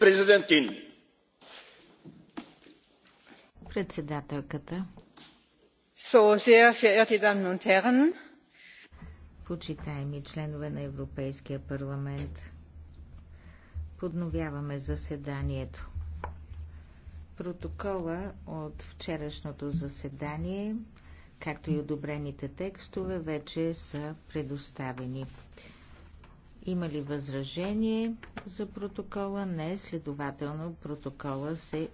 Председателката. So, Почитаеми членове на Европейския парламент, подновяваме заседанието. Протокола от вчерашното заседание, както и одобрените текстове, вече са предоставени. Има ли възражение за протокола? Не, следователно протокола се